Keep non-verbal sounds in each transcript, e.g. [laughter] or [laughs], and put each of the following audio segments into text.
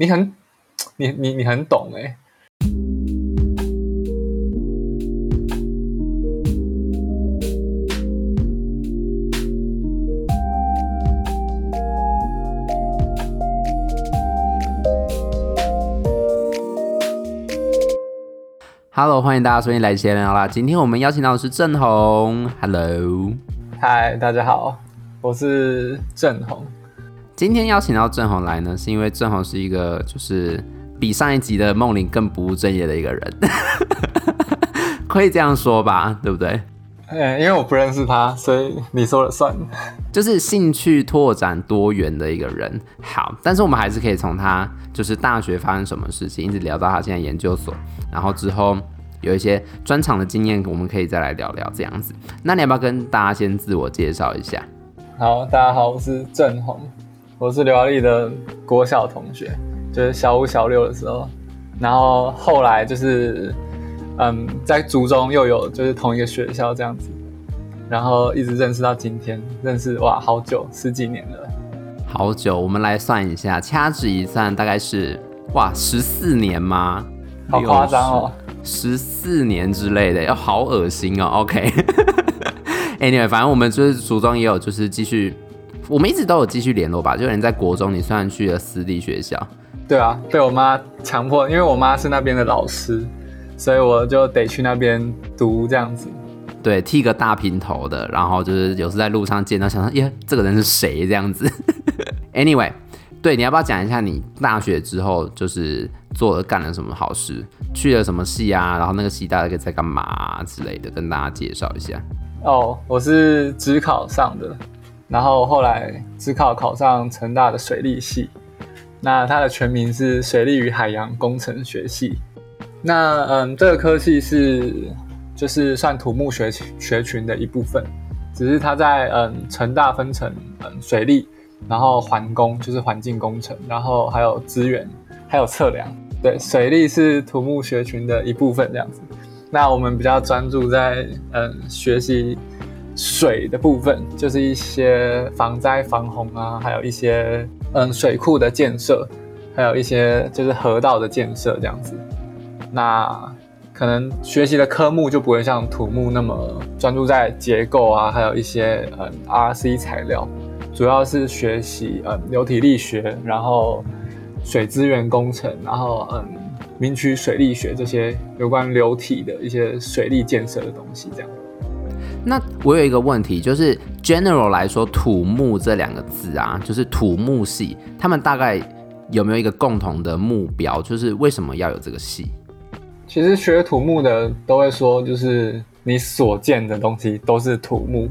你很，你你你很懂哎、欸。Hello，歡迎大家收聽《來錢聊啦》。今天我們邀請到的是鄭弘 Hello，Hi，大家好，我是鄭弘。今天邀請到鄭弘來呢，是因為鄭弘是一個就是比上一集的夢玲更不務正業的一個人， [laughs] 可以這樣說吧，對不對？呃，因為我不認識他，所以你說了算。就是興趣拓展多元的一個人，好，但是我們還是可以從他就是大學發生什麼事情，一直聊到他現在研究所，然後之後有一些專場的經驗，我們可以再來聊聊這樣子。那你要不要跟大家先自我介紹一下？好，大家好，我是鄭弘。我是劉亞麗的國小同學，就是小五、小六的時候，然後後來就是，嗯，在族中又有就是同一個學校這樣子，然後一直認識到今天，認識哇，好久，十幾年了。好久，我們來算一下，掐指一算，大概是哇，十四年嗎？好誇張哦，十四年之類的，要好噁心哦。OK，Anyway，、okay. [laughs] 反正我們就是族中也有，就是繼續。我們一直都有繼續聯絡吧，就連在國中，你雖然去了私立學校，對啊，被我媽強迫，因為我媽是那邊的老師，所以我就得去那邊讀這樣子。對，剃個大平頭的，然後就是有時在路上見到想說，想到耶，這個人是誰這樣子。 [laughs] anyway，對，你要不要講一下你大學之後就是做了幹了什麼好事，去了什麼系啊，然後那個系大概在幹嘛、啊、之類的，跟大家介紹一下。哦，oh, 我是指考上的。然後後來自考考上成大的水利系，那它的全名是水利與海洋工程學系。那嗯，這個科系是就是算土木學學群的一部分，只是它在嗯成大分成嗯水利，然後環工就是環境工程，然後還有資源，還有測量。對，水利是土木學群的一部分，這樣子。那我們比較專注在嗯，學習。水的部分就是一些防災防洪啊，還有一些嗯水庫的建設，還有一些就是河道的建設這樣子。那可能學習的科目就不會像土木那麼專注在結構啊，還有一些嗯 RC 材料，主要是學習嗯流體力學，然後水資源工程，然後嗯明渠水力學這些有關流體的一些水利建設的東西這樣子。那我有一個問題，就是 general 來說，土木這兩個字啊，就是土木系，他們大概有沒有一個共同的目標？就是為什麼要有這個系？其實學土木的都會說，就是你所見的東西都是土木，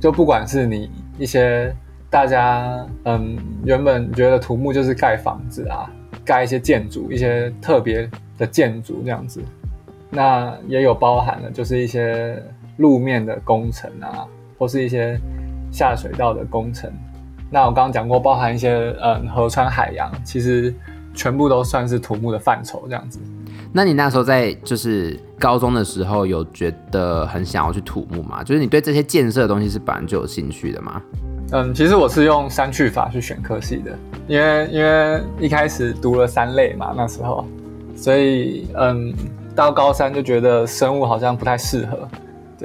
就不管是你一些大家，嗯，原本覺得土木就是蓋房子啊，蓋一些建築，一些特別的建築這樣子，那也有包含了，就是一些。路面的工程啊，或是一些下水道的工程，那我剛剛講過，包含一些嗯河川、海洋，其實全部都算是土木的範疇這樣子。那你那時候在就是高中的時候，有覺得很想要去土木嗎？就是你對這些建設的東西是本來就有興趣的嗎？嗯，其實我是用刪去法去選科系的，因為因為一開始讀了三類嘛，那時候，所以嗯到高三就覺得生物好像不太適合。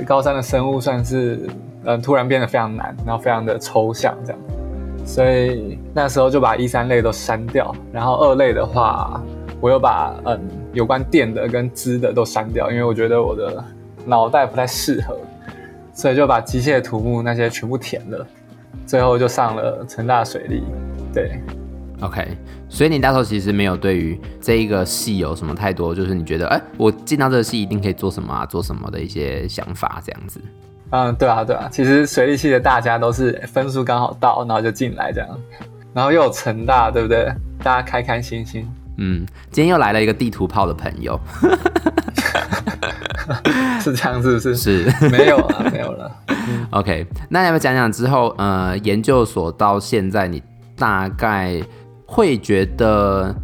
高三的生物算是，嗯，突然變得非常難，然後非常的抽象，這樣，所以那時候就把一三類、都刪掉，然後二類的話，我又把嗯有關電的跟資、的都刪掉，因為我覺得我的腦袋不太適合，所以就把機械的土木那些全部填了，最後就上了成大水利，對。OK，所以你那時候其實沒有對於這一個系有什麼太多，就是你覺得，哎、欸，我進到這個系一定可以做什麼啊，做什麼的一些想法，這樣子。嗯，對啊，對啊，其實水利系的大家都是、欸、分數剛好到，然後就進來這樣，然後又有成大，對不對？大家開開心心。嗯，今天又來了一個地圖炮的朋友， [laughs] [laughs] 是這樣子，是不是？是，沒有了，沒有了。OK，那你要不要講講之後，呃，研究所到現在你大概？會覺得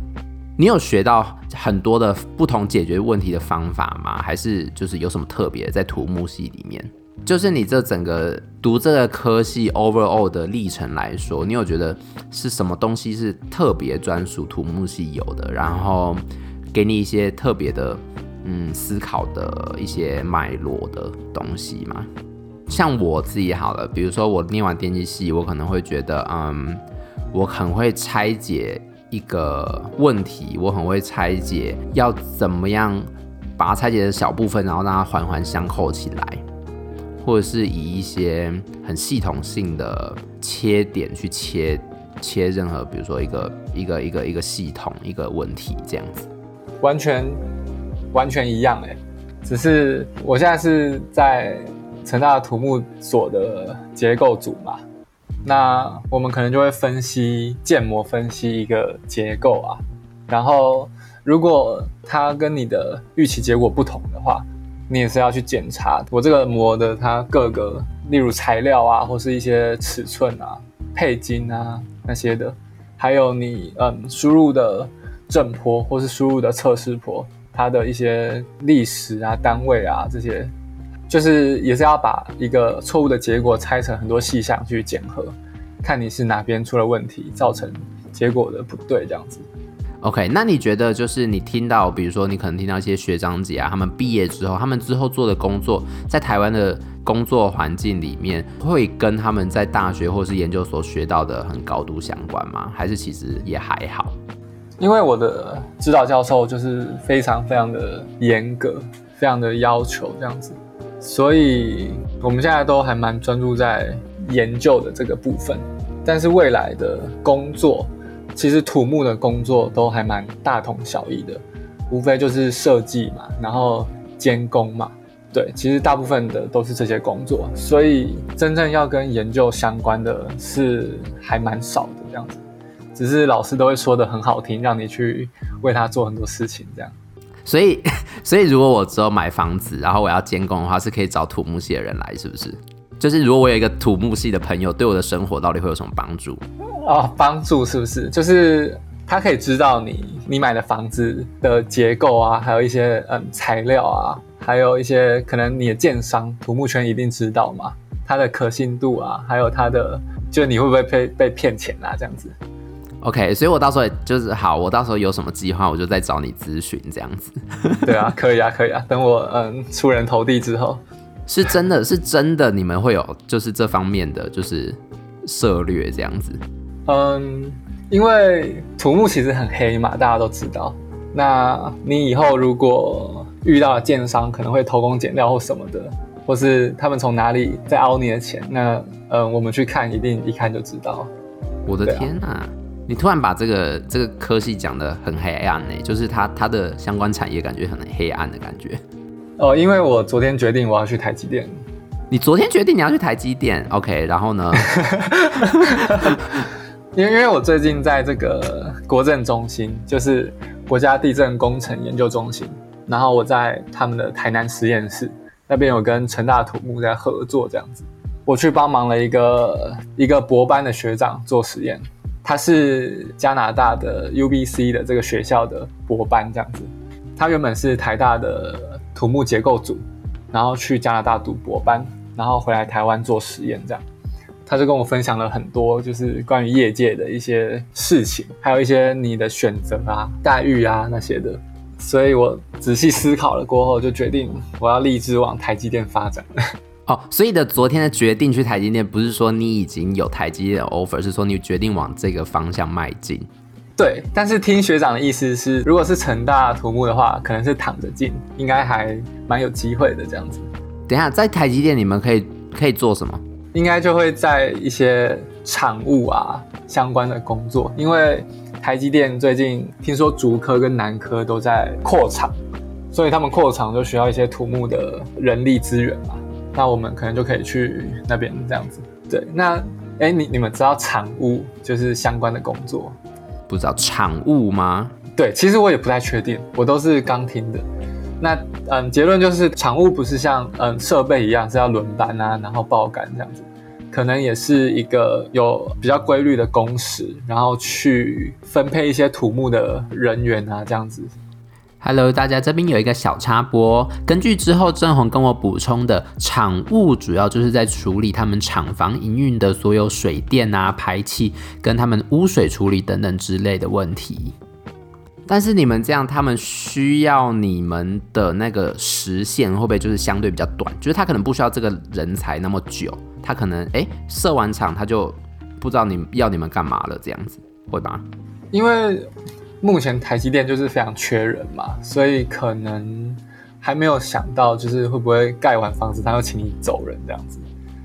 你有學到很多的不同解決問題的方法嗎？還是就是有什麼特別在土木系裡面？就是你這整個讀這個科系 overall 的歷程來說，你有覺得是什麼東西是特別專屬土木系有的？然後給你一些特別的嗯思考的一些脈絡的東西嗎？像我自己好了，比如說我念完電機系，我可能會覺得嗯。我很會拆解一個問題，我很會拆解要怎麼樣把它拆解成小部分，然後讓它環環相扣起來，或者是以一些很系統性的切點去切切任何，比如說一個一個一個一個系統一個問題這樣子，完全完全一樣哎，只是我現在是在成大的土木所的結構組嘛。那我們可能就會分析建模，分析一個結構啊，然後如果它跟你的預期結果不同的話，你也是要去檢查我這個模的它各個，例如材料啊或是一些尺寸啊、配筋啊那些的，還有你嗯輸入的正坡或是輸入的測試坡它的一些歷史啊、單位啊這些。就是也是要把一個錯誤的結果拆成很多細項去檢核，看你是哪邊出了問題，造成結果的不對這樣子。OK，那你覺得就是你聽到，比如說你可能聽到一些學長姐啊，他們畢業之後，他們之後做的工作，在台灣的工作環境裡面，會跟他們在大學或是研究所學到的很高度相關嗎？還是其實也還好？因為我的指導教授就是非常非常的嚴格，非常的要求這樣子。所以我們現在都還蠻專注在研究的這個部分，但是未來的工作，其實土木的工作都還蠻大同小異的，無非就是設計嘛，然後監工嘛，對，其實大部分的都是這些工作。所以真正要跟研究相關的是還蠻少的這樣子，只是老師都會說的很好聽，讓你去為他做很多事情這樣。所以，所以如果我只有買房子，然後我要監工的話，是可以找土木系的人來，是不是？就是如果我有一個土木系的朋友，對我的生活到底會有什麼幫助？哦，幫助是不是？就是他可以知道你你買的房子的結構啊，還有一些嗯材料啊，還有一些可能你的建商土木圈一定知道嘛，它的可信度啊，還有它的，就你會不會被被騙錢啊？這樣子。OK，所以，我到時候就是好，我到時候有什麼計劃，我就再找你諮詢這樣子。 [laughs] 對啊，可以啊，可以啊。等我嗯出人頭地之後，是真的是真的，真的你們會有就是這方面的就是策略這樣子。嗯，因為土木其實很黑嘛，大家都知道。那你以後如果遇到了建商，可能會偷工減料或什麼的，或是他們從哪裡在凹你的錢，那嗯，我們去看，一定一看就知道。我的天啊！你突然把這個這個科系講的很黑暗誒、欸，就是它它的相關產業感覺很黑暗的感覺。哦，因為我昨天決定我要去台積電。你昨天決定你要去台積電？OK，然後呢？因為 [laughs] [laughs] 因為我最近在這個國政中心，就是國家地震工程研究中心，然後我在他們的台南實驗室那邊有跟成大土木在合作這樣子，我去幫忙了一個一個博班的學長做實驗。他是加拿大的 UBC 的這個學校的博班這樣子，他原本是台大的土木結構組，然後去加拿大讀博班，然後回來台灣做實驗這樣，他就跟我分享了很多就是關於業界的一些事情，還有一些你的選擇啊、待遇啊那些的，所以我仔細思考了過後，就決定我要立志往台積電發展。哦，oh, 所以的昨天的決定去台積電，不是說你已經有台積電的 offer，是說你決定往這個方向邁進。對，但是聽學長的意思是，如果是成大土木的話，可能是躺着進，應該還蠻有機會的這樣子。等一下，在台積電你們可以可以做什麼？應該就會在一些廠務啊相關的工作，因為台積電最近聽說竹科跟南科都在擴廠，所以他們擴廠就需要一些土木的人力資源嘛。那我們可能就可以去那邊這樣子。對，那哎、欸，你你們知道廠務就是相關的工作？不知道廠務嗎？對，其實我也不太確定，我都是剛聽的。那嗯，結論就是廠務不是像嗯設備一樣是要輪班啊，然後爆肝這樣子，可能也是一個有比較規律的工時，然後去分配一些土木的人員啊這樣子。Hello，大家這邊有一個小插播。根據之後鄭弘跟我補充的，廠務主要就是在處理他們廠房營運的所有水電啊、排氣跟他們污水處理等等之類的問題。但是你們這樣，他們需要你們的那個時限會不會就是相對比較短？就是他可能不需要這個人才那麼久，他可能哎設、欸、完場他就不知道你要你們幹嘛了這樣子，會嗎？因為。目前台積電就是非常缺人嘛，所以可能還沒有想到，就是會不會蓋完房子他又請你走人這樣子。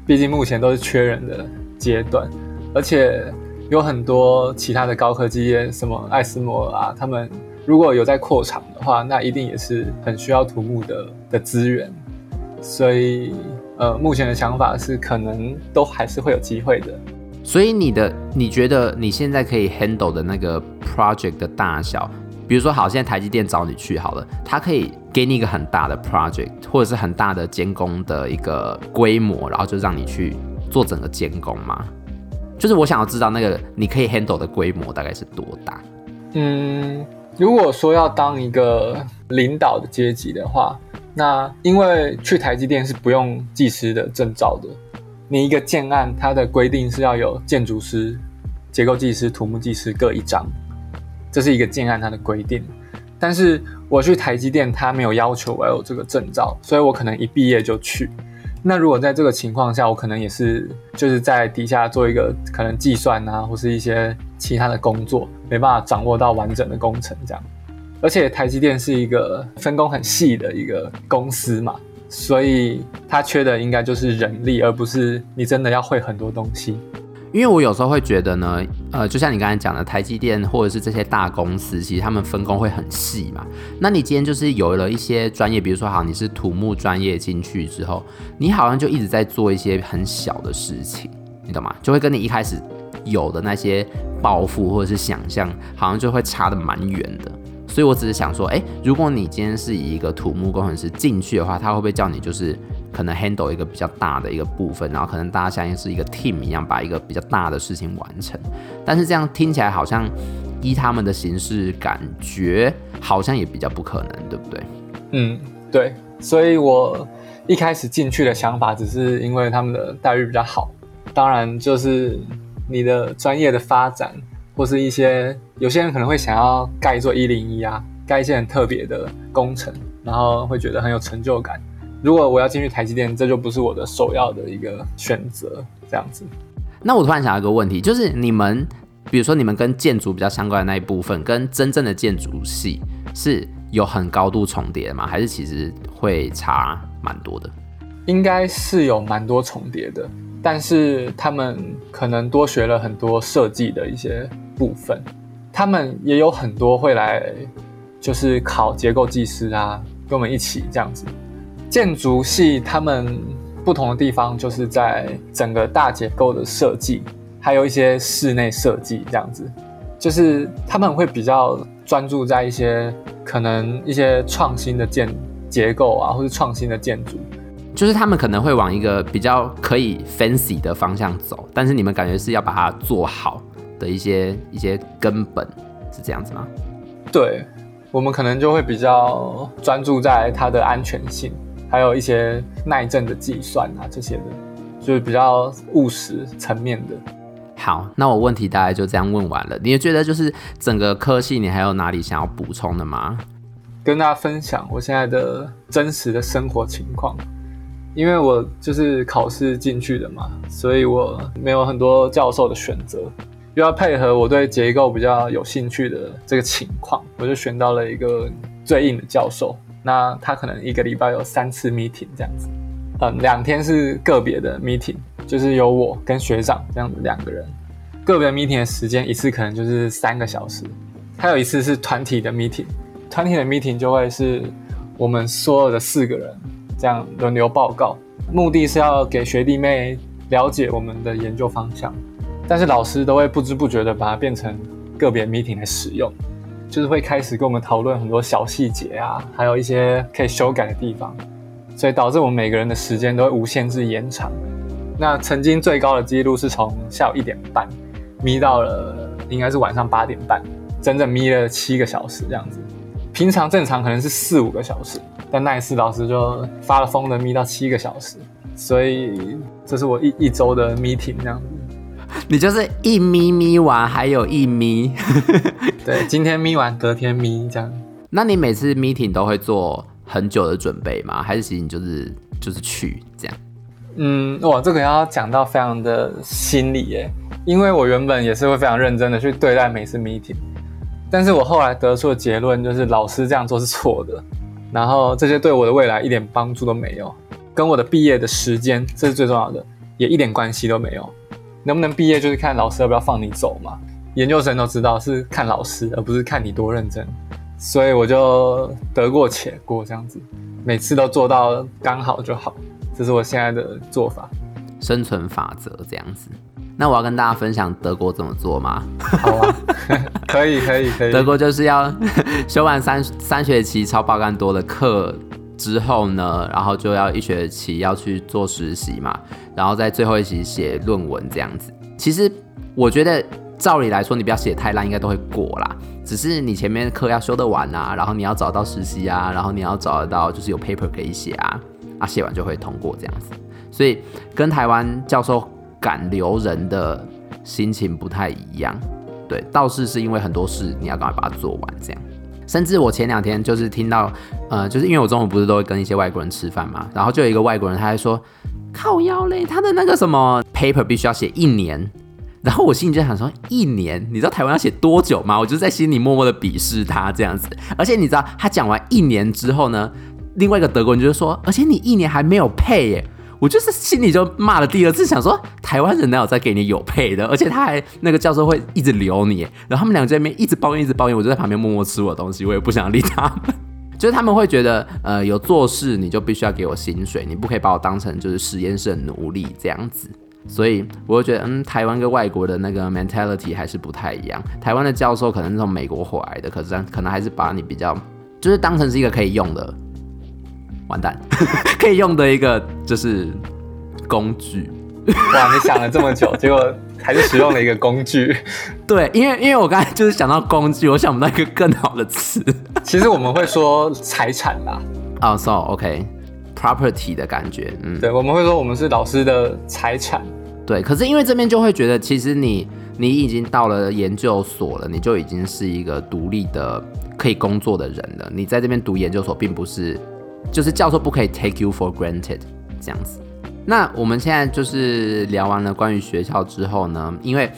畢竟目前都是缺人的階段，而且有很多其他的高科技業，什麼艾斯摩爾啊，他們如果有在擴廠的話，那一定也是很需要土木的的資源。所以，呃，目前的想法是，可能都還是會有機會的。所以你的你覺得你現在可以 handle 的那個 project 的大小，比如說好，現在台積電找你去好了，它可以給你一個很大的 project，或者是很大的監工的一個規模，然後就讓你去做整個監工嗎？就是我想要知道那個你可以 handle 的規模大概是多大？嗯，如果說要當一個領導的階級的話，那因為去台積電是不用技師的證照的。你一個建案，它的規定是要有建築師、結構技師、土木技師各一張，這是一個建案它的規定。但是我去台積電，它沒有要求我要有這個證照，所以我可能一畢業就去。那如果在這個情況下，我可能也是就是在底下做一個可能計算啊，或是一些其他的工作，沒辦法掌握到完整的工程這樣。而且台積電是一個分工很細的一個公司嘛。所以他缺的應該就是人力，而不是你真的要會很多東西。因為我有時候會覺得呢，呃，就像你剛才講的台積電或者是這些大公司，其實他們分工會很細嘛。那你今天就是有了一些專業，比如說好像你是土木專業進去之後，你好像就一直在做一些很小的事情，你懂嗎？就會跟你一開始有的那些抱負或者是想象，好像就會差得蠻遠的。所以，我只是想說，誒、欸，如果你今天是以一個土木工程師進去的話，他會不會叫你就是可能 handle 一個比較大的一個部分，然後可能大家像是一個 team 一樣，把一個比較大的事情完成？但是這樣聽起來好像依他們的形式，感覺好像也比較不可能，對不對？嗯，對。所以我一開始進去的想法，只是因為他們的待遇比較好，當然就是你的專業的發展。或是一些有些人可能會想要蓋一座101啊，蓋一些很特別的工程，然後會覺得很有成就感。如果我要進去台積電，這就不是我的首要的一個選擇。這樣子，那我突然想到一個問題，就是你們，比如說你們跟建築比較相關的那一部分，跟真正的建築系是有很高度重疊的嗎？還是其實會差蠻多的？應該是有蠻多重疊的，但是他們可能多學了很多設計的一些。部分，他們也有很多會來，就是考結構技師啊，跟我們一起這樣子。建築系他們不同的地方，就是在整個大結構的設計，還有一些室內設計這樣子，就是他們會比較專注在一些可能一些創新的建結構啊，或者創新的建築，就是他們可能會往一個比較可以 fancy 的方向走，但是你們感覺是要把它做好。的一些一些根本是這樣子嗎？對我們可能就會比較專注在它的安全性，還有一些耐震的計算啊這些的，就是比較務實層面的。好，那我問題大概就這樣問完了。你覺得就是整個科系，你還有哪裡想要補充的嗎？跟大家分享我現在的真實的生活情況，因為我就是考試進去的嘛，所以我沒有很多教授的選擇。又要配合我對結構比較有興趣的這個情況，我就選到了一個最硬的教授。那他可能一個禮拜有三次 meeting 這樣子，嗯，兩天是個別的 meeting，就是有我跟學長這樣子兩個人，個別 meeting 的時間一次可能就是三個小時。還有一次是團體的 meeting，團體的 meeting 就會是我們所有的四個人這樣輪流報告，目的是要給學弟妹了解我們的研究方向。但是老師都會不知不覺的把它變成個別 meeting 來使用，就是會開始跟我們討論很多小細節啊，還有一些可以修改的地方，所以導致我們每個人的時間都會無限制延長。那曾經最高的記錄是從下午一點半，眯到了，應該是晚上八點半，整整眯了七個小時這樣子。平常正常可能是四五個小時，但那一次老師就發了瘋的眯到七個小時，所以這是我一一周的 meeting 這樣子。你就是一咪咪完，還有一咪， [laughs] 對，今天咪完，隔天咪這樣。那你每次 meeting 都會做很久的準備嗎？還是其實你就是就是去這樣？嗯，哇，這個要講到非常的心理耶，因為我原本也是會非常認真的去對待每次 meeting，但是我後來得出的結論就是老師這樣做是錯的，然後這些對我的未來一點幫助都沒有，跟我的畢業的時間這是最重要的，也一點關係都沒有。能不能畢業就是看老師要不要放你走嘛？研究生都知道是看老師，而不是看你多認真。所以我就得過且過這樣子，每次都做到剛好就好，這是我現在的做法。生存法則這樣子。那我要跟大家分享德國怎麼做嗎？好啊，可以可以可以。可以可以，德國就是要修完三三學期超爆幹多的課。之後呢，然後就要一學期要去做實習嘛，然後在最後一期寫論文這樣子。其實我覺得照理來說，你不要寫太爛，應該都會過啦。只是你前面課要修得完啊，然後你要找得到實習啊，然後你要找得到就是有 paper 可以寫啊，啊，寫完就會通過這樣子。所以跟台灣教授趕留人的心情不太一樣，對，倒是是因為很多事你要趕快把它做完這樣。甚至我前兩天就是聽到，呃，就是因為我中午不是都會跟一些外國人吃飯嘛，然後就有一個外國人，他還說靠腰嘞，他的那個什麼 paper 必須要寫一年，然後我心裡就想說一年，你知道台灣要寫多久嗎？我就在心裡默默的鄙視他這樣子，而且你知道他講完一年之後呢，另外一個德國人就是說，而且你一年還沒有 pay 耶。我就是心裡就罵了第二次，想說台灣人哪有在給你有配的，而且他還那個教授會一直留你，然後他們兩個在那邊一直抱怨，一直抱怨，我就在旁邊默默吃我的東西，我也不想理他們。 [laughs] 就是他們會覺得，呃，有做事你就必須要給我薪水，你不可以把我當成就是實驗室的奴隸這樣子。所以我就覺得，嗯，台灣跟外國的那個 mentality 還是不太一樣。台灣的教授可能是從美國回來的，可是這樣可能還是把你比較就是當成是一個可以用的，完蛋， [laughs] 可以用的一個。就是工具，哇！你想了這麼久， [laughs] 結果還是使用了一個工具。對，因為因為我剛才就是想到工具，我想不到一個更好的詞。其實我們會說財產吧。哦，so, OK，property 的感覺。嗯，對，我們會說我們是老師的財產。對，可是因為這邊就會覺得，其實你你已經到了研究所了，你就已經是一個獨立的可以工作的人了。你在這邊讀研究所，並不是就是教授不可以 take you for granted。這樣子，那我們現在就是聊完了關於學校之後呢，因為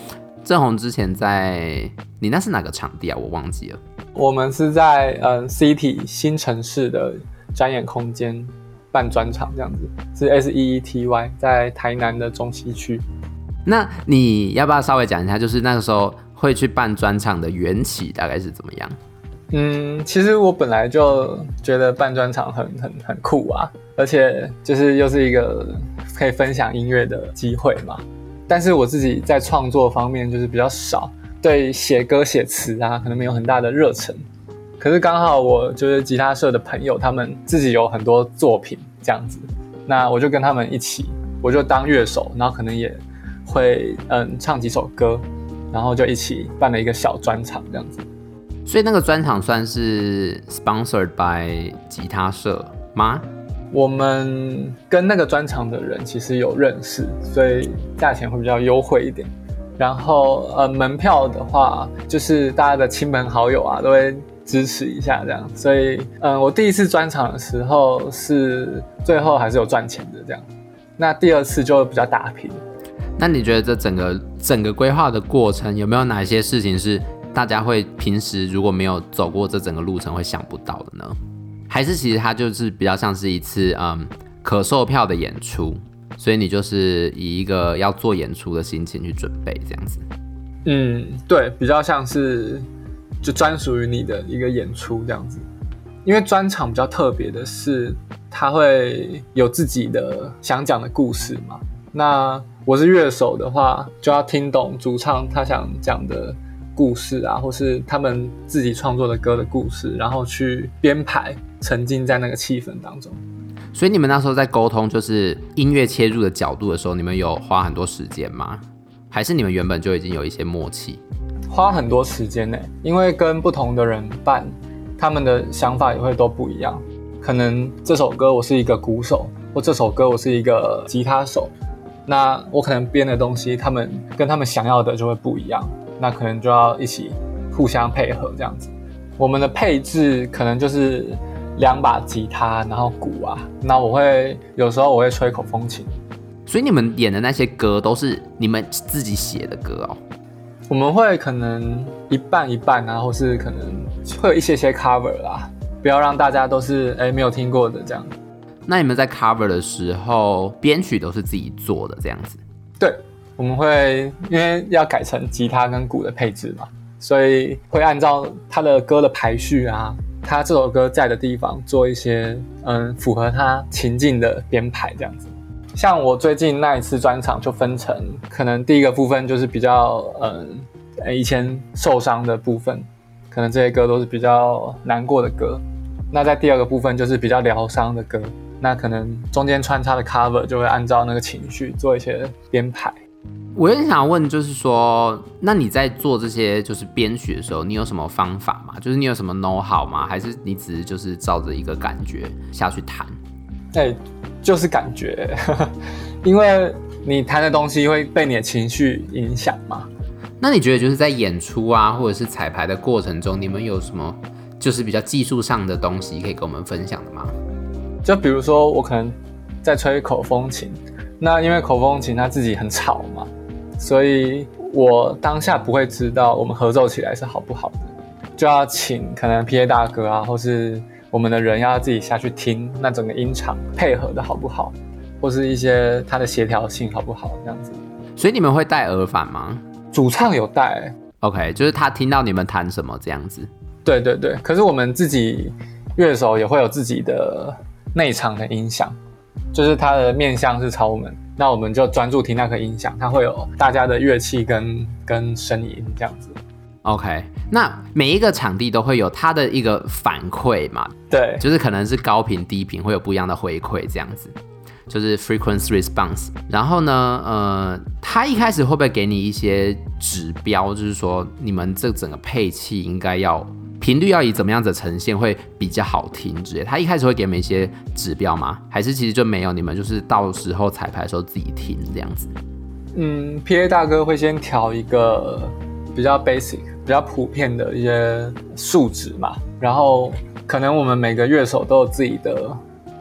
鄭弘之前，在你那是哪個場地啊？我忘記了，我們是在嗯、呃、City 新城市的展演空間辦專場，這樣子，是 S E E T Y 在台南的中西區。那你要不要稍微講一下，就是那個時候會去辦專場的緣起大概是怎麼樣？嗯，其實我本來就覺得辦專場很很很酷啊，而且就是又是一個可以分享音樂的機會嘛。但是我自己在創作方面就是比較少，對寫歌寫詞啊，可能沒有很大的熱忱。可是剛好我就是吉他社的朋友，他們自己有很多作品這樣子，那我就跟他們一起，我就當樂手，然後可能也會嗯唱幾首歌，然後就一起辦了一個小專場這樣子。所以那個專場算是 sponsored by 吉他社嗎？我們跟那個專場的人其實有認識，所以價錢會比較優惠一點。然後呃，門票的話，就是大家的親朋好友啊都會支持一下這樣。所以嗯、呃，我第一次專場的時候是最後還是有賺錢的這樣。那第二次就會比較打平。那你覺得這整個整個規劃的過程有沒有哪些事情是？大家會平時如果沒有走過這整個路程，會想不到的呢？還是其實它就是比較像是一次嗯，可售票的演出，所以你就是以一個要做演出的心情去準備這樣子。嗯，對，比較像是就專屬於你的一個演出這樣子。因為專場比較特別的是，他會有自己的想講的故事嘛。那我是樂手的話，就要聽懂主唱他想講的。故事啊，或是他們自己創作的歌的故事，然後去編排，沉浸在那個氣氛當中。所以你們那時候在溝通，就是音樂切入的角度的時候，你們有花很多時間嗎？還是你們原本就已經有一些默契？花很多時間呢、欸，因為跟不同的人辦，他們的想法也會都不一樣。可能這首歌我是一個鼓手，或這首歌我是一個吉他手，那我可能編的東西，他們跟他們想要的就會不一樣。那可能就要一起互相配合這樣子，我們的配置可能就是兩把吉他，然後鼓啊。那我會有時候我會吹口風琴。所以你們演的那些歌都是你們自己寫的歌哦？我們會可能一半一半啊，或是可能會有一些些 cover 啦，不要讓大家都是哎、欸、沒有聽過的這樣子。那你們在 cover 的時候編曲都是自己做的這樣子？對。我們會因為要改成吉他跟鼓的配置嘛，所以會按照他的歌的排序啊，他這首歌在的地方做一些嗯，符合他情境的編排這樣子。像我最近那一次專場就分成可能第一個部分就是比較嗯，以前受傷的部分，可能這些歌都是比較難過的歌。那在第二個部分就是比較療傷的歌，那可能中間穿插的 cover 就會按照那個情緒做一些編排。我也想問，就是說，那你在做這些就是編曲的時候，你有什麼方法嗎？就是你有什麼 know how 嗎？還是你只是就是照着一個感覺下去彈？哎、欸，就是感覺，呵呵，因為你彈的東西會被你的情緒影響嗎？那你覺得就是在演出啊，或者是彩排的過程中，你們有，有，有什麼就是比較技術上的東西可以跟我們分享的嗎？就比如說，我可能在吹一口風琴。那因為口風琴它自己很吵嘛，所以我當下不會知道我們合奏起來是好不好的，就要請可能 PA 大哥啊，或是我們的人要自己下去聽那整個音場配合的好不好，或是一些它的協調性好不好這樣子。所以你們會戴耳返嗎？主唱有戴，OK，就是他聽到你們彈什麼這樣子。對對對，可是我們自己樂手也會有自己的內場的音響。就是它的面向是朝我們，那我們就專注聽那個音響，它會有大家的樂器跟跟聲音這樣子。OK，那每一個場地都會有它的一個反饋嘛？對，就是可能是高頻、低頻會有不一樣的回饋這樣子，就是 frequency response。然後呢，呃，他一開始會不會給你一些指標，就是說你們這整個配器應該要？頻率要以怎麼樣子的呈現會比較好聽？之類的，他一開始會給你們一些指標嗎？還是其實就沒有？你們就是到時候彩排的時候自己聽這樣子？嗯，PA 大哥會先調一個比較 basic、比較普遍的一些數值嘛，然後可能我們每個樂手都有自己的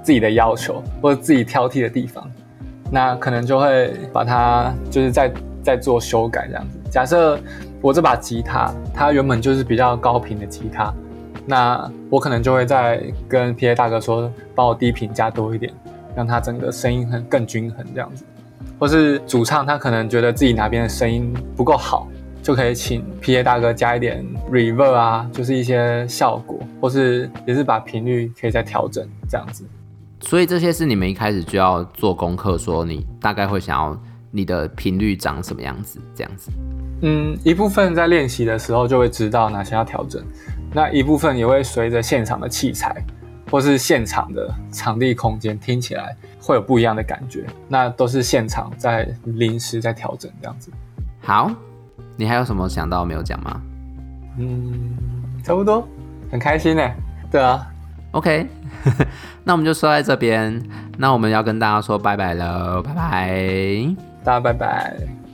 自己的要求或者自己挑剔的地方，那可能就會把它就是再在，在做修改這樣子。假設。我這把吉他，它原本就是比較高頻的吉他，那我可能就會再跟 PA 大哥說，幫我低頻加多一點，讓它整個聲音更更均衡這樣子，或是主唱他可能覺得自己哪邊的聲音不夠好，就可以請 PA 大哥加一點 reverb 啊，就是一些效果，或是也是把頻率可以再調整這樣子。所以這些是你們一開始就要做功課，說你大概會想要。你的頻率長什麼樣子？這樣子，嗯，一部分在練習的時候就會知道哪些要調整，那一部分也會隨着現場的器材或是現場的場地空間，聽起來會有不一樣的感覺，那都是現場在臨時在調整這樣子。好，你還有什麼想到沒有講嗎？嗯，差不多，很開心呢。對啊，OK， [laughs] 那我們就說在這邊，那我們要跟大家說拜拜了，拜拜。大家拜拜。